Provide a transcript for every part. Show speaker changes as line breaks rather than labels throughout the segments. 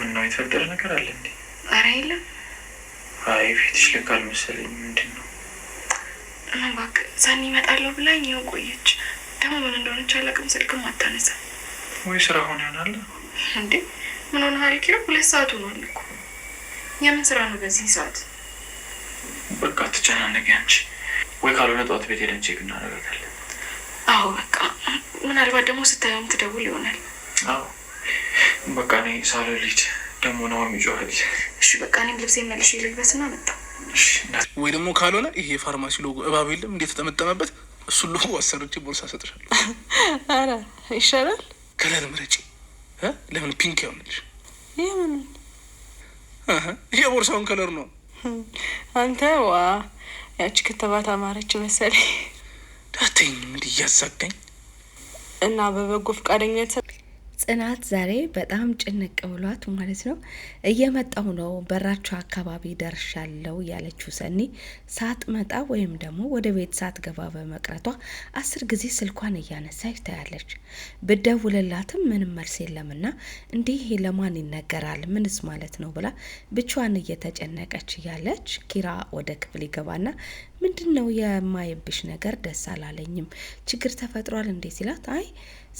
ምነው የተፈጠረ ነገር አለ እንዴ? ኧረ የለም። አይ ፊትሽ ልክ አልመሰለኝም። ምንድን ነው?
ምን እባክህ ይመጣለሁ ብላኝ ይኸው ቆየች። ደግሞ ምን እንደሆነች አላውቅም። ስልክም አታነሳ
ወይ ስራ ሆን ያናለ
እንዴ? ምን ሆነ ሀሪኪሮ? ሁለት ሰዓት ሆኗል እኮ የምን ስራ ነው በዚህ ሰዓት?
በቃ ትጨናነቂ አንቺ። ወይ ካልሆነ ጠዋት ቤት ሄደን ቼክ እናደርጋታለን።
አዎ በቃ ምናልባት ደግሞ ስታየውም ትደውል ይሆናል።
አዎ በቃ እኔ ሳልልጅ ደግሞ ነው
እሺ በቃ እኔም ልብሴ መልሽ መጣ
ወይ ደግሞ ካልሆነ ይሄ የፋርማሲ ሎጎ እባብ የለም እንዴት ተጠመጠመበት? እሱ ሎጎ አሰርቼ ቦርሳ ሰጥሻለሁ።
ኧረ ይሻላል።
ከለር ምረጪ። ለምን ፒንክ ያሆንልሽ? ይህምን የቦርሳውን ከለር ነው
አንተ ዋ ያቺ ክትባት አማረች መሰለኝ።
ዳተኝ ምን እያዛጋኝ
እና በበጎ ፈቃደኛ ጽናት ዛሬ በጣም ጭንቅ ብሏት ማለት ነው። እየመጣው ነው በራቸው አካባቢ ደርሻለው ያለችው ሰኒ ሳትመጣ ወይም ደግሞ ወደ ቤት ሳትገባ በመቅረቷ አስር ጊዜ ስልኳን እያነሳች ታያለች። ብደውልላትም ምንም መልስ የለምና እንዲህ ለማን ይነገራል ምንስ ማለት ነው ብላ ብቻዋን እየተጨነቀች እያለች ኪራ ወደ ክፍል ይገባና ምንድን ነው የማይብሽ ነገር ደስ አላለኝም፣ ችግር ተፈጥሯል እንዴ ሲላት አይ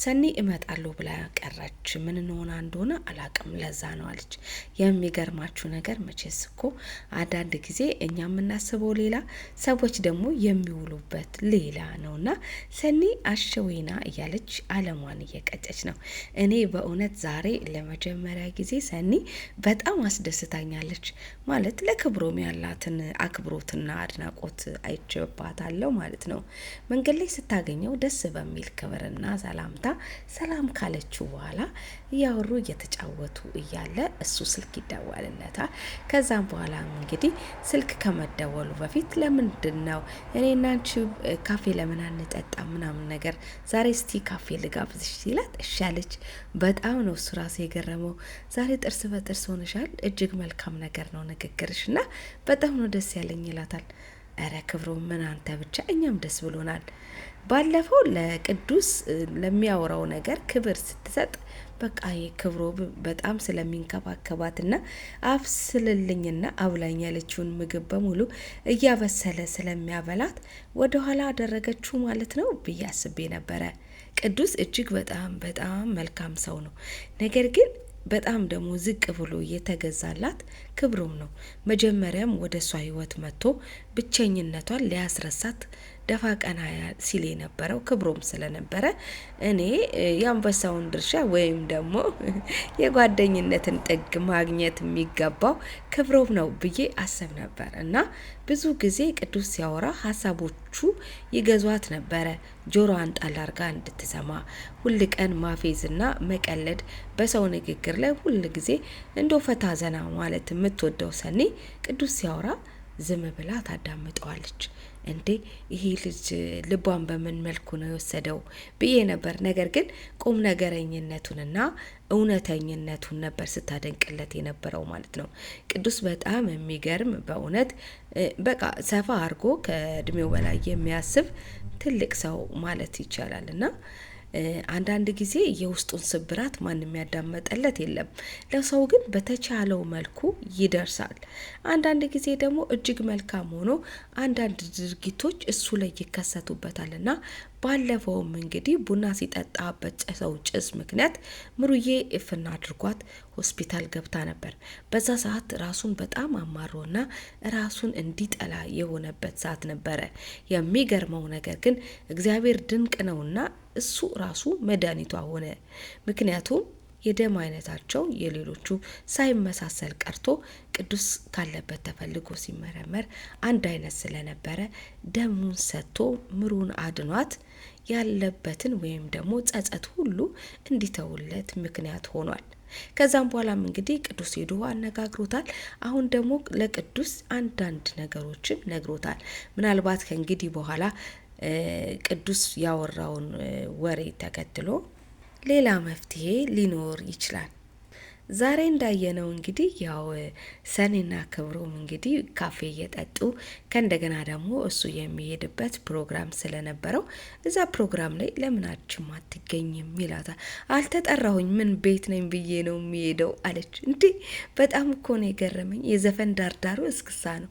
ሰኒ እመጣለሁ ብላ ቀረች። ምን እንሆና እንደሆነ አላቅም። ለዛ ነው አለች። የሚገርማችሁ ነገር መቼስ እኮ አንዳንድ ጊዜ እኛ የምናስበው ሌላ፣ ሰዎች ደግሞ የሚውሉበት ሌላ ነውና ሰኒ አሸወይና እያለች አለሟን እየቀጨች ነው። እኔ በእውነት ዛሬ ለመጀመሪያ ጊዜ ሰኒ በጣም አስደስታኛለች። ማለት ለክብሮም ያላትን አክብሮትና አድናቆት አይችባታለሁ ማለት ነው። መንገድ ላይ ስታገኘው ደስ በሚል ክብርና ሰላምታ ሰላም ካለችው በኋላ እያወሩ እየተጫወቱ እያለ እሱ ስልክ ይደወልለታል። ከዛም በኋላ እንግዲህ ስልክ ከመደወሉ በፊት ለምንድን ነው እኔ እናንቺ ካፌ ለምን አንጠጣ ምናምን ነገር ዛሬ እስቲ ካፌ ልጋብዝሽ ሲላት እሻለች። በጣም ነው እሱ ራሱ የገረመው። ዛሬ ጥርስ በጥርስ ሆንሻል፣ እጅግ መልካም ነገር ነው ንግግርሽ እና በጣም ነው ደስ ያለኝ ይላታል። እረ ክብሮ ምን አንተ ብቻ እኛም ደስ ብሎናል። ባለፈው ለቅዱስ ለሚያወራው ነገር ክብር ስትሰጥ በቃ ክብሮ በጣም ስለሚንከባከባትና አብስልልኝና አብላኝ ያለችውን ምግብ በሙሉ እያበሰለ ስለሚያበላት ወደኋላ አደረገችው ማለት ነው ብዬ አስቤ ነበረ። ቅዱስ እጅግ በጣም በጣም መልካም ሰው ነው። ነገር ግን በጣም ደግሞ ዝቅ ብሎ የተገዛላት ክብሩም ነው። መጀመሪያም ወደ እሷ ህይወት መጥቶ ብቸኝነቷን ሊያስረሳት ደፋ ቀና ሲል የነበረው ክብሮም ስለነበረ እኔ የአንበሳውን ድርሻ ወይም ደግሞ የጓደኝነትን ጥግ ማግኘት የሚገባው ክብሮም ነው ብዬ አሰብ ነበር እና ብዙ ጊዜ ቅዱስ ሲያወራ ሀሳቦቹ ይገዟት ነበረ። ጆሮዋን ጣል አርጋ እንድትሰማ ሁል ቀን ማፌዝና መቀለድ በሰው ንግግር ላይ ሁል ጊዜ እንደ ፈታ ዘና ማለት የምትወደው ሰኔ ቅዱስ ሲያወራ ዝም ብላ ታዳምጠዋለች። እንዴ ይሄ ልጅ ልቧን በምን መልኩ ነው የወሰደው ብዬ ነበር። ነገር ግን ቁም ነገረኝነቱንና እውነተኝነቱን ነበር ስታደንቅለት የነበረው ማለት ነው። ቅዱስ በጣም የሚገርም በእውነት በቃ ሰፋ አድርጎ ከእድሜው በላይ የሚያስብ ትልቅ ሰው ማለት ይቻላል እና አንዳንድ ጊዜ የውስጡን ስብራት ማንም ያዳመጠለት የለም። ለሰው ግን በተቻለው መልኩ ይደርሳል። አንዳንድ ጊዜ ደግሞ እጅግ መልካም ሆኖ አንዳንድ ድርጊቶች እሱ ላይ ይከሰቱበታል እና ባለፈውም እንግዲህ ቡና ሲጠጣበት ጨሰው ጭስ ምክንያት ምሩዬ እፍና አድርጓት ሆስፒታል ገብታ ነበር። በዛ ሰዓት ራሱን በጣም አማሮና ራሱን እንዲጠላ የሆነበት ሰዓት ነበረ። የሚገርመው ነገር ግን እግዚአብሔር ድንቅ ነውና እሱ ራሱ መድኃኒቷ ሆነ። ምክንያቱም የደም አይነታቸው የሌሎቹ ሳይመሳሰል ቀርቶ ቅዱስ ካለበት ተፈልጎ ሲመረመር አንድ አይነት ስለነበረ ደሙን ሰጥቶ ምሩን አድኗት ያለበትን ወይም ደግሞ ጸጸት ሁሉ እንዲተውለት ምክንያት ሆኗል። ከዛም በኋላም እንግዲህ ቅዱስ ሄዶ አነጋግሮታል። አሁን ደግሞ ለቅዱስ አንዳንድ ነገሮችን ነግሮታል። ምናልባት ከእንግዲህ በኋላ ቅዱስ ያወራውን ወሬ ተከትሎ ሌላ መፍትሄ ሊኖር ይችላል። ዛሬ እንዳየነው እንግዲህ ያው ሰኔና ክብሩም እንግዲህ ካፌ እየጠጡ ከእንደገና ደግሞ እሱ የሚሄድበት ፕሮግራም ስለነበረው እዛ ፕሮግራም ላይ ለምናችም አትገኝም ይላታል። አልተጠራሁኝ ምን ቤት ነኝ ብዬ ነው የሚሄደው አለች። እንዲህ በጣም እኮ ነው የገረመኝ። የዘፈን ዳርዳሩ እስክሳ ነው።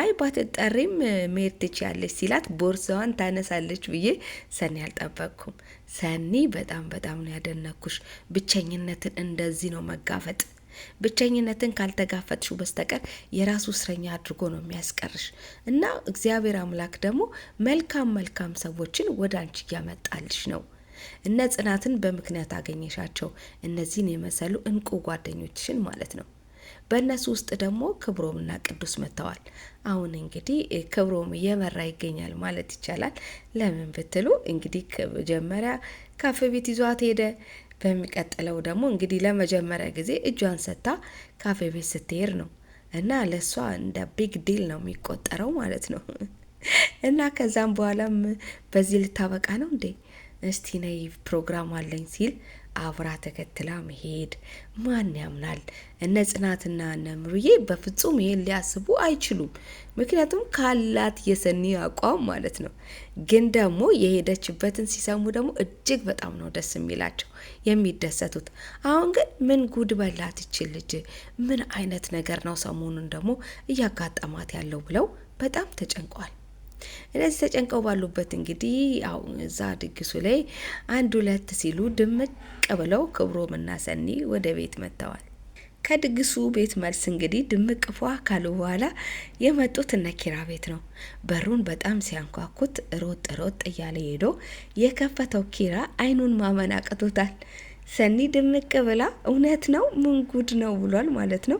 አይ ባትጠሪም መሄድ ትችያለች ሲላት ቦርሳዋን ታነሳለች ብዬ ሰኔ አልጠበቅኩም። ሰኒ በጣም በጣም ነው ያደነኩሽ። ብቸኝነትን እንደዚህ ነው መጋፈጥ። ብቸኝነትን ካልተጋፈጥሽው በስተቀር የራሱ እስረኛ አድርጎ ነው የሚያስቀርሽ እና እግዚአብሔር አምላክ ደግሞ መልካም መልካም ሰዎችን ወደ አንቺ እያመጣልሽ ነው። እነ ጽናትን በምክንያት አገኘሻቸው፣ እነዚህን የመሰሉ እንቁ ጓደኞችሽን ማለት ነው። በእነሱ ውስጥ ደግሞ ክብሮምና ቅዱስ መጥተዋል። አሁን እንግዲህ ክብሮም እየመራ ይገኛል ማለት ይቻላል። ለምን ብትሉ እንግዲህ መጀመሪያ ካፌ ቤት ይዟት ሄደ። በሚቀጥለው ደግሞ እንግዲህ ለመጀመሪያ ጊዜ እጇን ሰታ ካፌ ቤት ስትሄድ ነው እና ለእሷ እንደ ቢግ ዲል ነው የሚቆጠረው ማለት ነው። እና ከዛም በኋላም በዚህ ልታበቃ ነው እንዴ? እስቲ ነይ ፕሮግራም አለኝ ሲል አብራ ተከትላ መሄድ ማን ያምናል? እነ ጽናትና እነ ምሩዬ በፍጹም ይሄን ሊያስቡ አይችሉም። ምክንያቱም ካላት የሰኒ አቋም ማለት ነው። ግን ደግሞ የሄደችበትን ሲሰሙ ደግሞ እጅግ በጣም ነው ደስ የሚላቸው የሚደሰቱት። አሁን ግን ምን ጉድ በላት ይችል ልጅ፣ ምን አይነት ነገር ነው ሰሞኑን ደግሞ እያጋጠማት ያለው ብለው በጣም ተጨንቋል። እነዚህ ተጨንቀው ባሉበት እንግዲህ ያው እዛ ድግሱ ላይ አንድ ሁለት ሲሉ ድምቅ ብለው እና ሰኒ ወደ ቤት መጥተዋል። ከድግሱ ቤት መልስ እንግዲህ ድምቅ ፏ ካሉ በኋላ የመጡት እነ ኪራ ቤት ነው። በሩን በጣም ሲያንኳኩት ሮጥ ሮጥ እያለ ሄዶ የከፈተው ኪራ አይኑን ማመን አቅቶታል። ሰኒ ድምቅ ብላ እውነት ነው ምንጉድ ነው ብሏል ማለት ነው።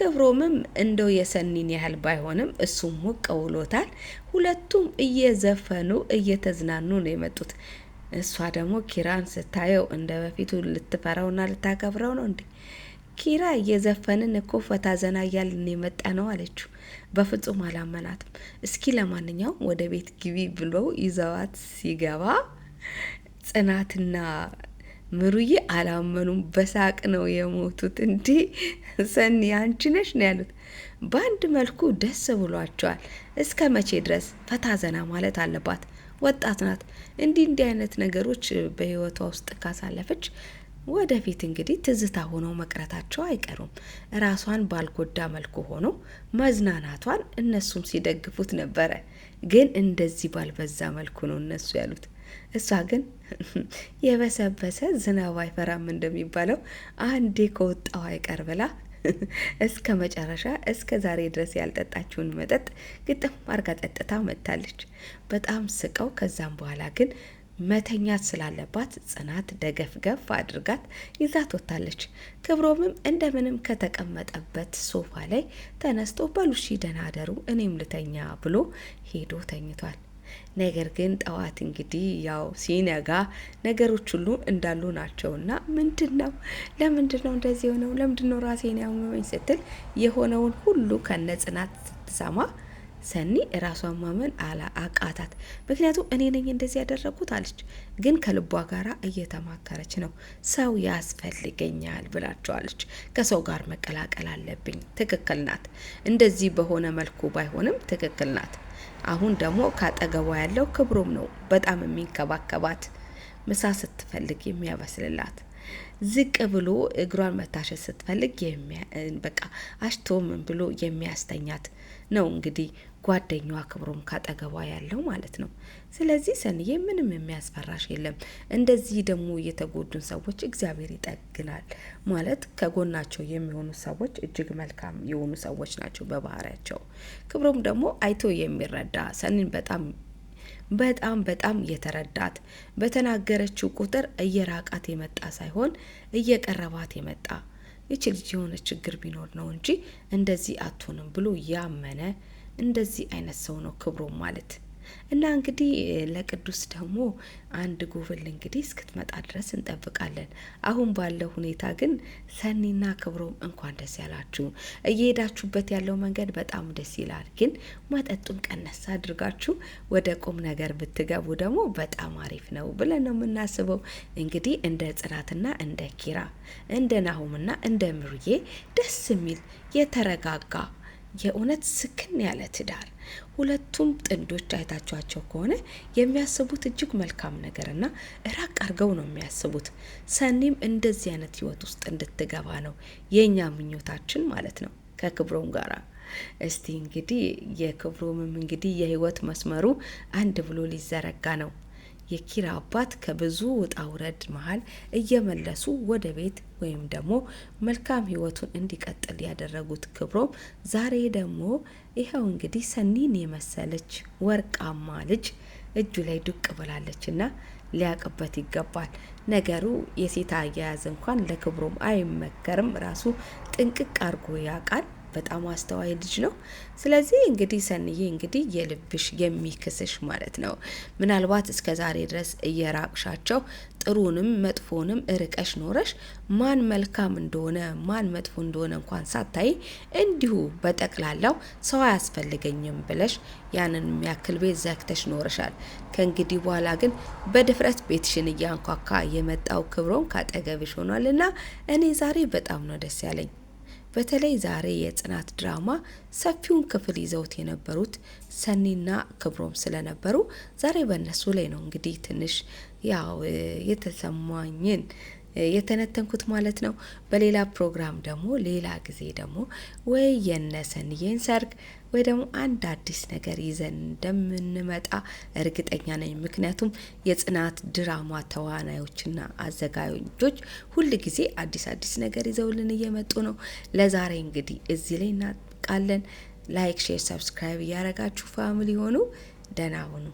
ክብሮምም እንደው የሰኒን ያህል ባይሆንም እሱም ሞቅ ውሎታል። ሁለቱም እየዘፈኑ እየተዝናኑ ነው የመጡት። እሷ ደግሞ ኪራን ስታየው እንደ በፊቱ ልትፈራውና ልታከብረው ነው እንዴ? ኪራ እየዘፈንን እኮ ፈታ ዘና እያልን የመጣ ነው አለችው። በፍጹም አላመናትም። እስኪ ለማንኛውም ወደ ቤት ግቢ ብሎ ይዘዋት ሲገባ ጽናትና ምሩዬ አላመኑም። በሳቅ ነው የሞቱት። እንዲ ሰኒ አንቺ ነሽ ነው ያሉት። በአንድ መልኩ ደስ ብሏቸዋል። እስከ መቼ ድረስ ፈታ ዘና ማለት አለባት? ወጣት ናት። እንዲህ እንዲህ አይነት ነገሮች በህይወቷ ውስጥ ካሳለፈች ወደፊት እንግዲህ ትዝታ ሆነው መቅረታቸው አይቀሩም። ራሷን ባልጎዳ መልኩ ሆኖ መዝናናቷን እነሱም ሲደግፉት ነበረ። ግን እንደዚህ ባልበዛ መልኩ ነው እነሱ ያሉት። እሷ ግን የበሰበሰ ዝናብ አይፈራም እንደሚባለው አንዴ ከወጣው አይቀር ብላ እስከ መጨረሻ እስከ ዛሬ ድረስ ያልጠጣችውን መጠጥ ግጥም አርጋ ጠጥታ መጥታለች። በጣም ስቀው ከዛም በኋላ ግን መተኛት ስላለባት ጽናት ደገፍገፍ አድርጋት ይዛት ወጥታለች። ክብሮምም እንደምንም ከተቀመጠበት ሶፋ ላይ ተነስቶ በሉሺ ደህና አደሩ እኔም ልተኛ ብሎ ሄዶ ተኝቷል። ነገር ግን ጠዋት እንግዲህ ያው ሲነጋ ነገሮች ሁሉ እንዳሉ ናቸውና ምንድን ነው ለምንድን ነው እንደዚህ የሆነው ለምንድን ነው ራሴን ያመመኝ ስትል የሆነውን ሁሉ ከነ ጽናት ስትሰማ ሰኒ ራሷን ማመን አቃታት። ምክንያቱም እኔ ነኝ እንደዚህ ያደረጉት አለች፣ ግን ከልቧ ጋራ እየተማከረች ነው። ሰው ያስፈልገኛል ብላቸዋለች። ከሰው ጋር መቀላቀል አለብኝ። ትክክል ናት። እንደዚህ በሆነ መልኩ ባይሆንም ትክክል ናት። አሁን ደግሞ ካጠገቧ ያለው ክብሩም ነው። በጣም የሚንከባከባት ምሳ ስትፈልግ የሚያበስልላት ዝቅ ብሎ እግሯን መታሸት ስትፈልግ በቃ አሽቶ ምን ብሎ የሚያስተኛት ነው እንግዲህ ጓደኛዋ ክብሮም ካጠገቧ ያለው ማለት ነው። ስለዚህ ሰንዬ ምንም የሚያስፈራሽ የለም። እንደዚህ ደግሞ የተጎዱን ሰዎች እግዚአብሔር ይጠግናል ማለት ከጎናቸው የሚሆኑ ሰዎች እጅግ መልካም የሆኑ ሰዎች ናቸው በባህሪያቸው። ክብሮም ደግሞ አይቶ የሚረዳ ሰኒን በጣም በጣም በጣም የተረዳት በተናገረችው ቁጥር እየራቃት የመጣ ሳይሆን እየቀረባት የመጣ ይች ልጅ የሆነ ችግር ቢኖር ነው እንጂ እንደዚህ አትሆንም ብሎ ያመነ እንደዚህ አይነት ሰው ነው ክብሮ ማለት እና እንግዲህ ለቅዱስ ደግሞ አንድ ጉብል እንግዲህ እስክትመጣ ድረስ እንጠብቃለን። አሁን ባለው ሁኔታ ግን ሰኒና ክብሮም እንኳን ደስ ያላችሁ። እየሄዳችሁበት ያለው መንገድ በጣም ደስ ይላል። ግን መጠጡን ቀነስ አድርጋችሁ ወደ ቁም ነገር ብትገቡ ደግሞ በጣም አሪፍ ነው ብለን ነው የምናስበው። እንግዲህ እንደ ጽናትና እንደ ኪራ እንደ ናሁምና እንደ ምሩዬ ደስ የሚል የተረጋጋ የእውነት ስክን ያለ ትዳር ሁለቱም ጥንዶች አይታችኋቸው ከሆነ የሚያስቡት እጅግ መልካም ነገርና ራቅ አድርገው ነው የሚያስቡት። ሰኒም እንደዚህ አይነት ህይወት ውስጥ እንድትገባ ነው የእኛ ምኞታችን ማለት ነው ከክብሮም ጋር እስቲ እንግዲህ የክብሮምም እንግዲህ የህይወት መስመሩ አንድ ብሎ ሊዘረጋ ነው። የኪራ አባት ከብዙ ውጣ ውረድ መሀል እየመለሱ ወደ ቤት ወይም ደግሞ መልካም ህይወቱን እንዲቀጥል ያደረጉት ክብሮም ዛሬ ደግሞ ይኸው እንግዲህ ሰኒን የመሰለች ወርቃማ ልጅ እጁ ላይ ዱቅ ብላለች እና ሊያቅበት ይገባል። ነገሩ የሴት አያያዝ እንኳን ለክብሮም አይመከርም። ራሱ ጥንቅቅ አርጎ ያውቃል። በጣም አስተዋይ ልጅ ነው። ስለዚህ እንግዲህ ሰንዬ እንግዲህ የልብሽ የሚክስሽ ማለት ነው። ምናልባት እስከ ዛሬ ድረስ እየራቅሻቸው ጥሩንም መጥፎንም እርቀሽ ኖረሽ ማን መልካም እንደሆነ ማን መጥፎ እንደሆነ እንኳን ሳታይ እንዲሁ በጠቅላላው ሰው አያስፈልገኝም ብለሽ ያንን የሚያክል ቤት ዘግተሽ ኖረሻል። ከእንግዲህ በኋላ ግን በድፍረት ቤትሽን እያንኳካ የመጣው ክብሮም ካጠገብሽ ሆኗልና እኔ ዛሬ በጣም ነው ደስ ያለኝ። በተለይ ዛሬ የጽናት ድራማ ሰፊውን ክፍል ይዘውት የነበሩት ሰኒና ክብሮም ስለነበሩ ዛሬ በእነሱ ላይ ነው እንግዲህ ትንሽ ያው የተሰማኝን የተነተንኩት ማለት ነው። በሌላ ፕሮግራም ደግሞ ሌላ ጊዜ ደግሞ ወይ የነሰን ይህን ሰርግ ወይ ደግሞ አንድ አዲስ ነገር ይዘን እንደምንመጣ እርግጠኛ ነኝ። ምክንያቱም የጽናት ድራማ ተዋናዮችና አዘጋጆች ሁል ጊዜ አዲስ አዲስ ነገር ይዘውልን እየመጡ ነው። ለዛሬ እንግዲህ እዚህ ላይ እናቃለን። ላይክ፣ ሼር፣ ሰብስክራይብ እያረጋችሁ ፋሚሊ ሆኑ። ደህና ሁኑ።